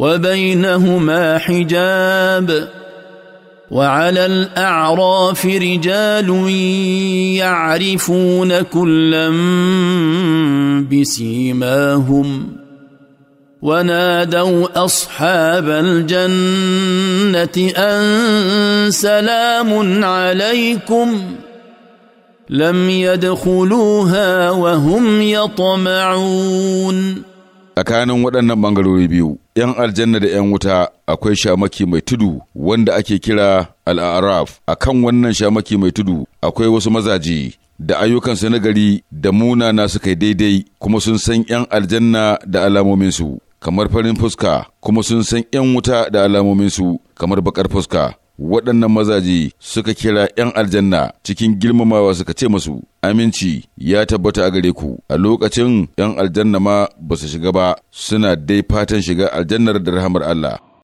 وبينهما حجاب وعلى الاعراف رجال يعرفون كلا بسيماهم ونادوا اصحاب الجنه ان سلام عليكم لم يدخلوها وهم يطمعون tsakanin waɗannan ɓangarori biyu ‘yan aljanna da ‘yan wuta akwai shamaki mai tudu wanda ake kira al'araf a kan wannan shamaki mai tudu akwai wasu mazaje da ayyukansu na gari da munana suka daidai kuma sun san ‘yan aljanna da alamominsu kamar farin fuska kuma sun san ‘yan wuta da alamominsu kamar bakar fuska waɗannan mazaje suka kira ‘yan aljanna cikin girmamawa suka ce masu, Aminci ya tabbata a gare ku, a lokacin ‘yan aljanna ma ba su shiga ba, suna dai fatan shiga aljannar da rahamar Allah.